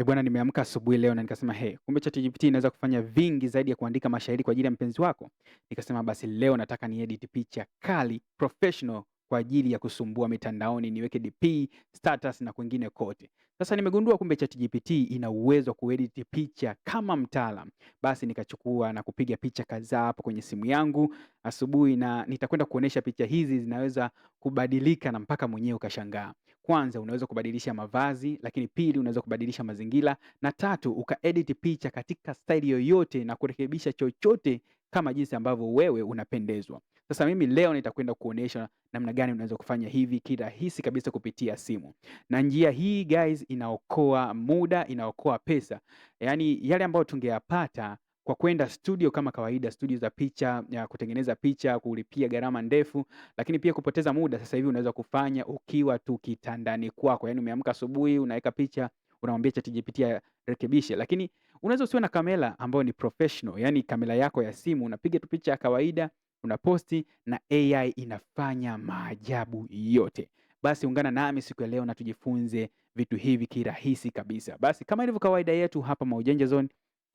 E bwana, nimeamka asubuhi leo na nikasema hey, kumbe ChatGPT inaweza kufanya vingi zaidi ya kuandika mashairi kwa ajili ya mpenzi wako. Nikasema basi leo nataka ni edit picha kali professional kwa ajili ya kusumbua mitandaoni, niweke DP, status na kwingine kote. Sasa nimegundua kumbe ChatGPT ina uwezo wa kuedit picha kama mtaalam. Basi nikachukua na kupiga picha kadhaa hapo kwenye simu yangu asubuhi, na nitakwenda kuonesha picha hizi zinaweza kubadilika na mpaka mwenyewe ukashangaa. Kwanza unaweza kubadilisha mavazi, lakini pili unaweza kubadilisha mazingira, na tatu ukaedit picha katika staili yoyote na kurekebisha chochote kama jinsi ambavyo wewe unapendezwa. Sasa mimi leo nitakwenda kuonyesha namna gani unaweza kufanya hivi kirahisi kabisa kupitia simu, na njia hii guys, inaokoa muda, inaokoa pesa, yaani yale ambayo tungeyapata kwa kwenda studio kama kawaida, studio za picha ya kutengeneza picha, kulipia gharama ndefu, lakini pia kupoteza muda. Sasa hivi unaweza kufanya ukiwa tu kitandani kwako, yani umeamka asubuhi, unaweka picha, unamwambia ChatGPT rekebishe. Lakini unaweza usiwe na kamera ambayo ni professional, yani kamera yako ya simu, unapiga tu picha ya kawaida, unaposti na AI inafanya maajabu yote. Basi ungana nami siku ya leo na tujifunze vitu hivi kirahisi kabisa. Basi kama ilivyo kawaida yetu hapa Maujanja Zone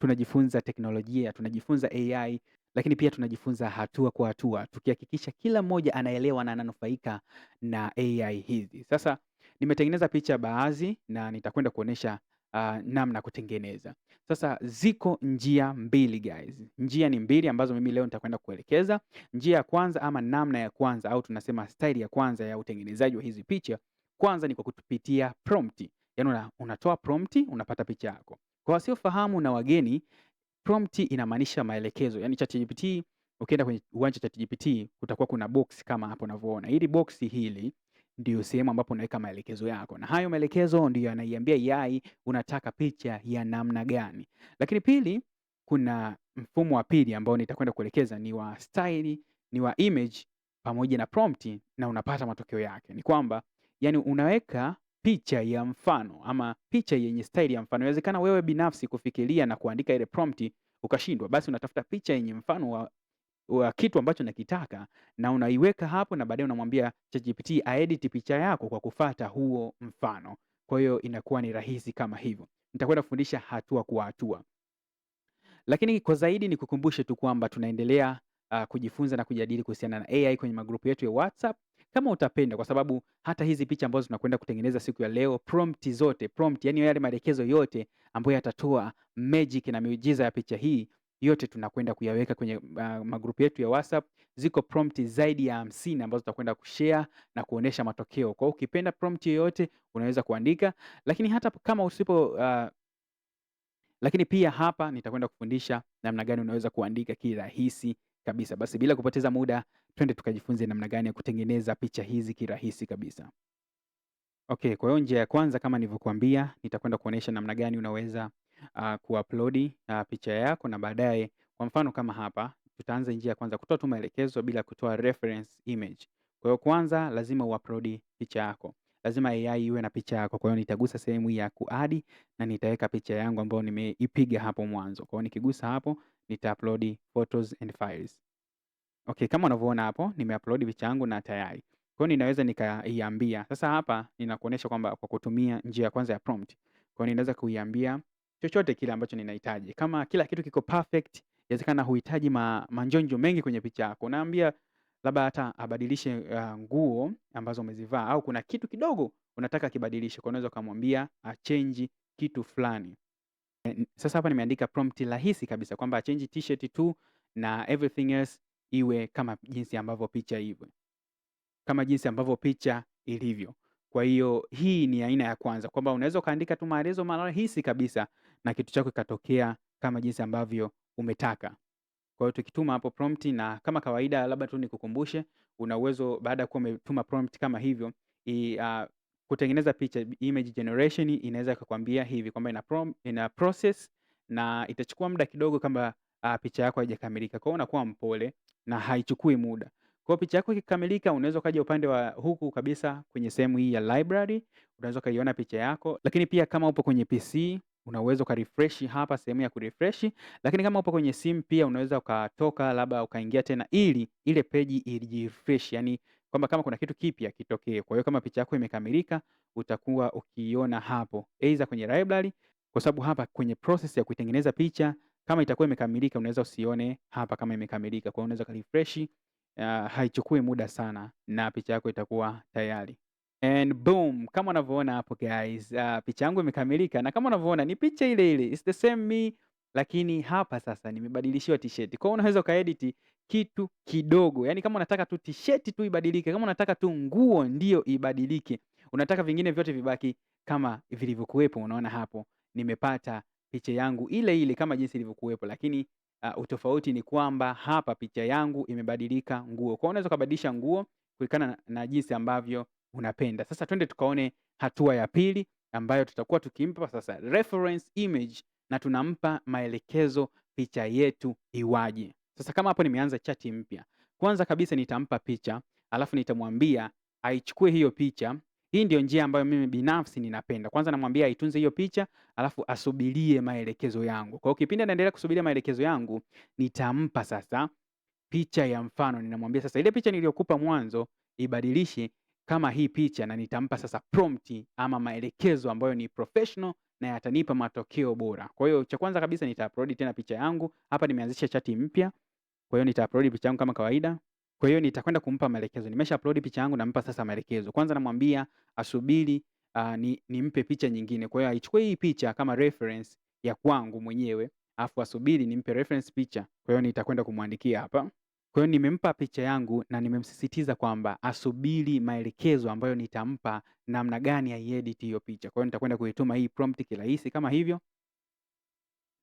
tunajifunza teknolojia, tunajifunza AI, lakini pia tunajifunza hatua kwa hatua, tukihakikisha kila mmoja anaelewa na ananufaika na AI hizi. Sasa nimetengeneza picha baadhi na nitakwenda kuonyesha uh, ah, namna kutengeneza. Sasa ziko njia mbili guys, njia ni mbili ambazo mimi leo nitakwenda kuelekeza. Njia ya kwanza ama namna ya kwanza au tunasema style ya kwanza ya utengenezaji wa hizi picha, kwanza ni kwa kutupitia prompt, yaani unatoa prompt unapata picha yako. Kwa wasiofahamu na wageni, prompt inamaanisha maelekezo. Yaani ChatGPT ukienda kwenye uwanja ChatGPT kutakuwa kuna box kama hapo unavyoona. Hili box hili ndio sehemu ambapo unaweka maelekezo yako, na hayo maelekezo ndio yanaiambia AI unataka picha ya namna gani. Lakini pili, kuna mfumo wa pili ambao nitakwenda kuelekeza ni wa style, ni wa image pamoja na prompt, na unapata matokeo yake ni kwamba, yani unaweka picha ya mfano ama picha yenye staili ya mfano. Inawezekana wewe binafsi kufikiria na kuandika ile prompt ukashindwa, basi unatafuta picha yenye mfano wa, wa kitu ambacho nakitaka na unaiweka hapo, na baadaye unamwambia ChatGPT aedit picha yako kwa kufata huo mfano. Kwa hiyo inakuwa ni rahisi kama hivyo. Nitakwenda kufundisha hatua kwa hatua, lakini kwa zaidi ni kukumbushe tu kwamba tunaendelea uh, kujifunza na kujadili kuhusiana na AI kwenye magrupu yetu ya WhatsApp kama utapenda, kwa sababu hata hizi picha ambazo tunakwenda kutengeneza siku ya leo, prompt zote, prompt yani yale maelekezo yote ambayo yatatoa magic na miujiza ya picha hii yote tunakwenda kuyaweka kwenye uh, magrupu yetu ya WhatsApp. Ziko prompt zaidi ya hamsini ambazo tutakwenda kushare na kuonesha matokeo. Kwa hiyo ukipenda prompt yoyote unaweza kuandika, lakini hata kama usipo uh, lakini pia hapa nitakwenda kufundisha namna gani unaweza kuandika kirahisi kabisa. Basi bila kupoteza muda, twende tukajifunze namna gani ya kutengeneza picha hizi kirahisi kabisa. Okay, kwa hiyo njia ya kwanza kama nilivyokuambia, nitakwenda kuonesha namna gani unaweza uh, kuupload uh, picha yako na baadaye, kwa mfano kama hapa, tutaanza njia ya kwanza kutoa tu maelekezo bila kutoa reference image. Kwa hiyo kwanza lazima uupload picha yako, lazima AI iwe na picha yako. Kwa hiyo nitagusa sehemu ya kuadi na nitaweka picha yangu ambayo nimeipiga hapo mwanzo. Kwa hiyo nikigusa hapo nitaupload photos and files. Okay, kama unavyoona hapo nimeupload picha yangu na tayari. Kwa hiyo ninaweza nikaiambia. Sasa hapa ninakuonesha kwamba kwa kutumia njia ya kwanza ya prompt. Kwa hiyo ninaweza kuiambia chochote kile ambacho ninahitaji. Kama kila kitu kiko perfect, inawezekana huhitaji ma, manjonjo mengi kwenye picha yako. naambia labda hata abadilishe uh, nguo ambazo umezivaa au kuna kitu kidogo unataka kibadilishe. Kwa unaweza kumwambia achange uh, kitu fulani. Eh, sasa hapa nimeandika prompt rahisi kabisa kwamba change t-shirt tu na everything else iwe kama jinsi ambavyo picha iwe kama jinsi ambavyo picha ilivyo. Kwa hiyo hii ni aina ya kwanza kwamba unaweza ukaandika tu maelezo rahisi kabisa na kitu chako kikatokea kama jinsi ambavyo umetaka. Kwa hiyo tukituma hapo prompt, na kama kawaida, labda tu nikukumbushe, una uwezo baada ya kuwa umetuma prompt kama hivyo i, uh, kutengeneza picha image generation inaweza kukwambia hivi kwamba ina, prom, ina process na itachukua muda kidogo kama uh, ah, picha yako haijakamilika. Kwa hiyo unakuwa mpole na haichukui muda. Kwa picha yako ikikamilika, unaweza kaja upande wa huku kabisa kwenye sehemu hii ya library, unaweza ukaiona picha yako. Lakini pia kama upo kwenye PC una uwezo refresh hapa sehemu ya kurefresh. lakini kama upo kwenye simu pia unaweza ukatoka labda ukaingia tena ili ile peji ijirefresh, yani kwamba kama kuna kitu kipya kitokee. Kwa hiyo kama picha yako imekamilika, utakuwa ukiiona hapo aidha kwenye library, kwa sababu hapa kwenye process ya kuitengeneza picha kama itakuwa imekamilika, unaweza usione hapa kama imekamilika. Kwa hiyo unaweza kurefresh, uh, haichukui muda sana na picha yako itakuwa tayari. And boom, kama unavyoona hapo guys, uh, picha yangu imekamilika na kama unavyoona ni picha ile ile, it's the same me lakini hapa sasa nimebadilishiwa t-shirt. Kwa hiyo unaweza ukaedit kitu kidogo, yaani kama unataka tu t-shirt tu ibadilike, kama unataka tu nguo ndio ibadilike, unataka vingine vyote vibaki kama vilivyokuwepo. Unaona hapo nimepata picha yangu ile ile kama jinsi ilivyokuwepo, lakini uh, utofauti ni kwamba hapa picha yangu imebadilika nguo. Kwa hiyo unaweza kubadilisha nguo kulingana na jinsi ambavyo unapenda. Sasa twende tukaone hatua ya pili ambayo tutakuwa tukimpa sasa reference image na tunampa maelekezo picha yetu iwaje. Sasa kama hapo nimeanza chati mpya, kwanza kabisa nitampa picha, alafu nitamwambia aichukue hiyo picha. Hii ndio njia ambayo mimi binafsi ninapenda. Kwanza namwambia aitunze hiyo picha, alafu asubirie maelekezo yangu. Kwa hiyo kipindi anaendelea kusubiria maelekezo yangu, nitampa sasa picha ya mfano. Ninamwambia sasa, ile picha niliyokupa mwanzo ibadilishe kama hii picha, na nitampa sasa prompt ama maelekezo ambayo ni professional na yatanipa matokeo bora. Kwa hiyo cha kwanza kabisa upload tena picha yangu. Hapa nimeanzisha chati mpya. Kwa hiyo upload picha yangu kama kawaida. Kwa hiyo nitakwenda kumpa maelekezo. Nimesha upload picha yangu, nampa sasa maelekezo. Kwanza namwambia asubiri uh, ni, nimpe picha nyingine. Kwa hiyo aichukue hii picha kama reference ya kwangu mwenyewe, afu asubiri nimpe reference picha. Kwa hiyo nitakwenda kumwandikia hapa kwa hiyo nimempa picha yangu na nimemsisitiza kwamba asubiri maelekezo ambayo nitampa namna gani edit hiyo picha. Kwa hiyo nitakwenda kuituma hii prompt kirahisi kama hivyo,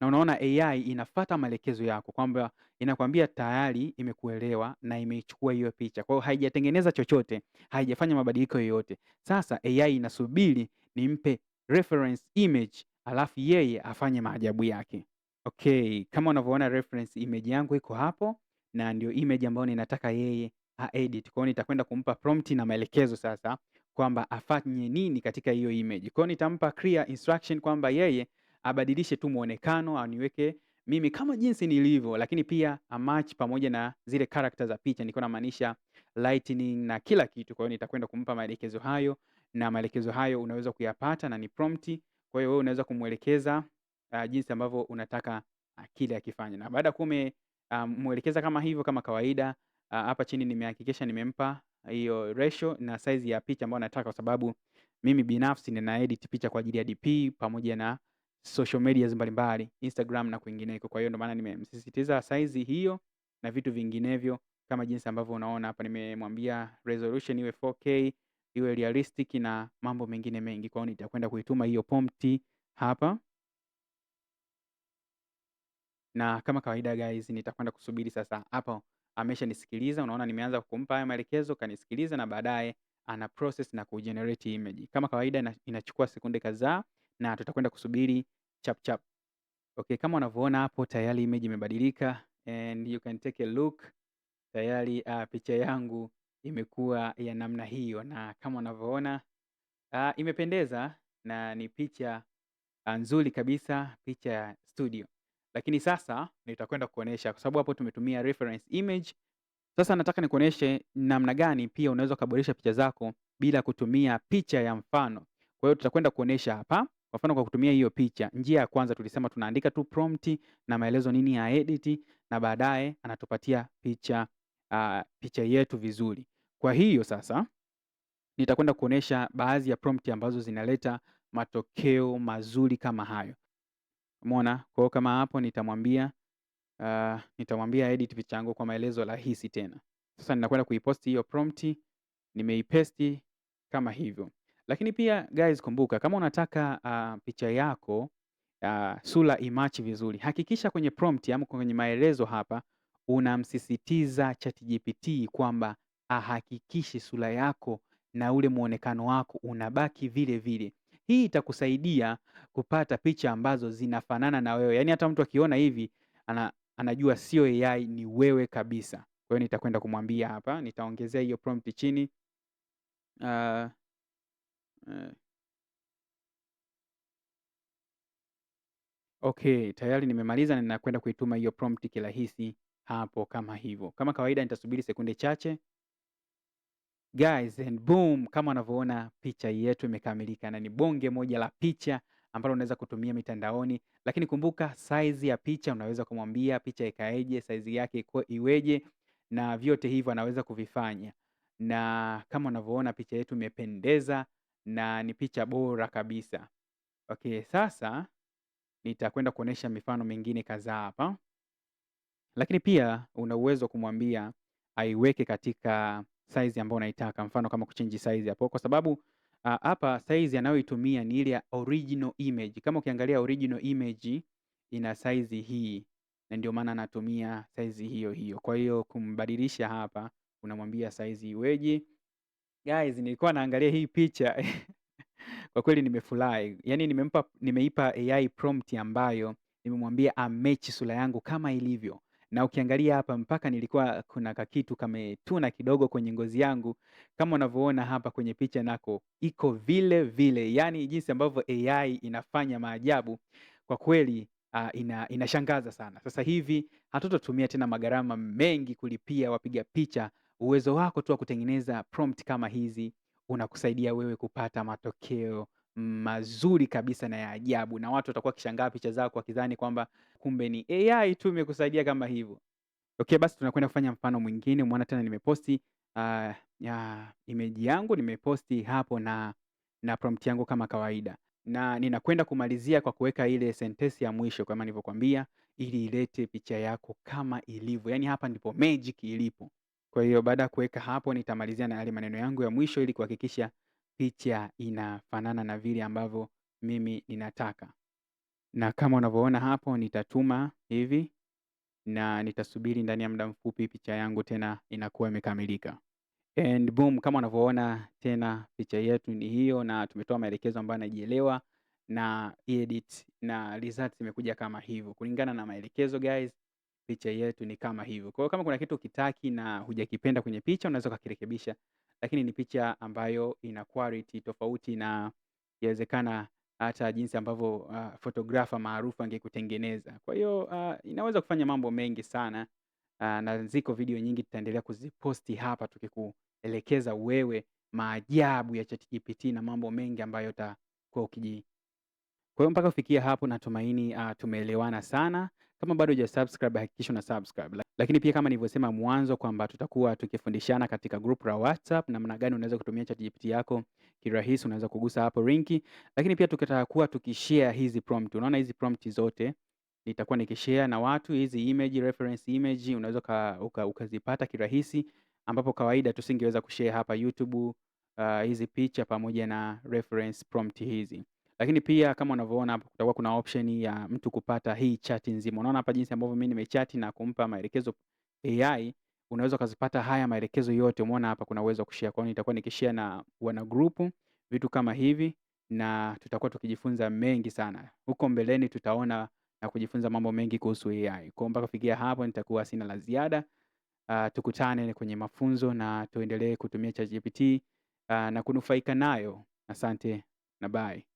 na unaona AI inafata maelekezo yako kwamba inakwambia tayari imekuelewa na imeichukua hiyo picha. Kwa hiyo haijatengeneza chochote, haijafanya mabadiliko yoyote. Sasa AI inasubiri nimpe reference image, alafu yeye afanye maajabu yake. Okay, kama unavyoona reference image yangu iko hapo na ndio image ambayo ninataka yeye aedit. Kwa hiyo nitakwenda kumpa prompt na maelekezo sasa kwamba afanye nini katika hiyo image. Kwa hiyo nitampa clear instruction kwamba yeye abadilishe tu muonekano, aniweke mimi kama jinsi nilivyo, lakini pia match pamoja na zile character za picha, niko namaanisha lightning na kila kitu. Kwa hiyo nitakwenda kumpa maelekezo hayo, na maelekezo hayo unaweza kuyapata na ni prompt. Kwa hiyo wewe unaweza kumwelekeza uh, jinsi ambavyo unataka akili akifanya, na baada ya kume Namwelekeza ah, kama hivyo kama kawaida. Ah, hapa chini nimehakikisha nimempa hiyo ratio na size ya picha ambayo nataka kwa sababu mimi binafsi edit picha kwa ajili ya DP pamoja na social media mbalimbali, Instagram na kwingineko. Kwa hiyo ndio maana nimemsisitiza size hiyo na vitu vinginevyo kama jinsi ambavyo unaona hapa nimemwambia resolution iwe 4K, iwe realistic na mambo mengine mengi. Kwa hiyo nitakwenda kuituma hiyo prompt hapa. Na kama kawaida guys, nitakwenda kusubiri sasa hapo ameshanisikiliza. Unaona nimeanza kumpa haya maelekezo, kanisikiliza na baadaye ana process na kugenerate image. Kama kawaida inachukua sekunde kadhaa na tutakwenda kusubiri chap chap. Okay, kama unavyoona hapo tayari image imebadilika and you can take a look. Tayari uh, picha yangu imekuwa ya namna hiyo na kama unavyoona uh, imependeza na ni picha ah, nzuri kabisa, picha ya studio lakini sasa nitakwenda kuonyesha kwa sababu hapo tumetumia reference image. Sasa nataka nikuoneshe namna gani pia unaweza ukaboresha picha zako bila kutumia picha ya mfano. Kwa hiyo tutakwenda kuonesha hapa kwa mfano kwa kutumia hiyo picha. Njia ya kwanza tulisema tunaandika tu prompt na maelezo nini ya edit, na baadaye anatupatia picha uh, picha yetu vizuri. Kwa hiyo sasa nitakwenda kuonesha baadhi ya prompt ambazo zinaleta matokeo mazuri kama hayo. Umeona? Kwa hiyo kama hapo nitamwambia uh, nitamwambia edit picha yangu kwa maelezo rahisi tena. Sasa ninakwenda kuiposti hiyo prompt, nimeipaste kama hivyo. Lakini pia guys, kumbuka kama unataka uh, picha yako uh, sura imachi vizuri, hakikisha kwenye prompt ama kwenye maelezo hapa unamsisitiza ChatGPT kwamba ahakikishe sura yako na ule muonekano wako unabaki vile vile, hii itakusaidia kupata picha ambazo zinafanana na wewe, yaani hata mtu akiona hivi ana, anajua sio AI, ni wewe kabisa. Kwa hiyo nitakwenda kumwambia hapa, nitaongezea hiyo prompt chini uh, uh. Okay, tayari nimemaliza na ninakwenda kuituma hiyo prompt kirahisi hapo kama hivyo. Kama kawaida nitasubiri sekunde chache. Guys and boom, kama unavyoona picha yetu imekamilika na ni bonge moja la picha ambalo unaweza kutumia mitandaoni, lakini kumbuka size ya picha, unaweza kumwambia picha ikaeje, size yake iweje, na vyote hivyo anaweza kuvifanya. Na kama unavyoona picha yetu imependeza na ni picha bora kabisa. Okay, sasa nitakwenda kuonesha mifano mingine kadhaa hapa, lakini pia una uwezo wa kumwambia aiweke katika size ambayo unaitaka, mfano kama kuchange size hapo, kwa sababu ah, hapa uh, size anayoitumia ni ile ya original image. Kama ukiangalia original image ina size hii, na ndio maana anatumia size hiyo hiyo. Kwa hiyo kumbadilisha hapa, unamwambia size iweje. Guys, nilikuwa naangalia hii picha kwa kweli nimefurahi, yani nimempa nimeipa AI prompt ambayo nimemwambia amechi sura yangu kama ilivyo na ukiangalia hapa mpaka nilikuwa kuna kakitu kametuna kidogo kwenye ngozi yangu, kama unavyoona hapa kwenye picha nako iko vile vile. Yaani jinsi ambavyo AI inafanya maajabu kwa kweli, uh, ina, inashangaza sana. Sasa hivi hatutotumia tena magharama mengi kulipia wapiga picha. Uwezo wako tu wa kutengeneza prompt kama hizi unakusaidia wewe kupata matokeo mazuri kabisa na ya ajabu, na watu watakuwa wakishangaa picha zako wakidhani kwamba kumbe ni AI tu imekusaidia kama hivyo. Okay, basi tunakwenda kufanya mfano mwingine. Umeona tena nimeposti uh, ya image yangu nimeposti hapo na na prompt yangu kama kawaida, na ninakwenda kumalizia kwa kuweka ile sentensi ya mwisho kama nilivyokuambia, ili ilete picha yako kama ilivyo. Yani hapa ndipo magic ilipo. Kwa hiyo baada ya kuweka hapo, nitamalizia na yale maneno yangu ya mwisho ili kuhakikisha picha inafanana na vile ambavyo mimi ninataka. Na kama unavyoona hapo nitatuma hivi na nitasubiri ndani ya muda mfupi picha yangu tena inakuwa imekamilika. And boom, kama unavyoona tena picha yetu ni hiyo, na tumetoa maelekezo ambayo anajielewa na edit na result imekuja kama hivyo kulingana na maelekezo guys. Picha yetu ni kama hivyo. Kwa hiyo kama kuna kitu kitaki na hujakipenda kwenye picha, unaweza ukakirekebisha lakini ni picha ambayo ina quality tofauti na yawezekana hata jinsi ambavyo uh, ah, fotografa maarufu angekutengeneza. Kwa hiyo uh, inaweza kufanya mambo mengi sana uh, na ziko video nyingi tutaendelea kuziposti hapa tukikuelekeza wewe maajabu ya ChatGPT na mambo mengi ambayo utakuwa ukiji. Kwa hiyo mpaka kufikia hapo, natumaini uh, tumeelewana sana kama bado hujasubscribe, hakikisha una subscribe. Lakini pia kama nilivyosema mwanzo kwamba tutakuwa tukifundishana katika group la WhatsApp namna gani unaweza kutumia ChatGPT yako kirahisi, unaweza kugusa hapo linki. Lakini pia tutakuwa tukishare hizi prompt. Unaona hizi prompt zote nitakuwa nikishare na watu hizi image, reference image, unaweza ukazipata uka kirahisi ambapo kawaida tusingeweza kushare hapa YouTube, uh, hizi picha pamoja na reference prompt hizi. Lakini pia kama unavyoona hapa kutakuwa kuna option ya mtu kupata hii chat nzima. Unaona hapa jinsi ambavyo mimi nimechati na kumpa maelekezo AI, unaweza kuzipata haya maelekezo yote. Umeona hapa kuna uwezo wa kushare. Kwa hiyo nitakuwa nikishare na wana group vitu kama hivi na tutakuwa tukijifunza mengi sana. Huko mbeleni tutaona na kujifunza mambo mengi kuhusu AI. Kwa mpaka kufikia hapo nitakuwa sina la ziada. Uh, tukutane kwenye mafunzo na tuendelee kutumia ChatGPT uh, na kunufaika nayo. Asante na bye.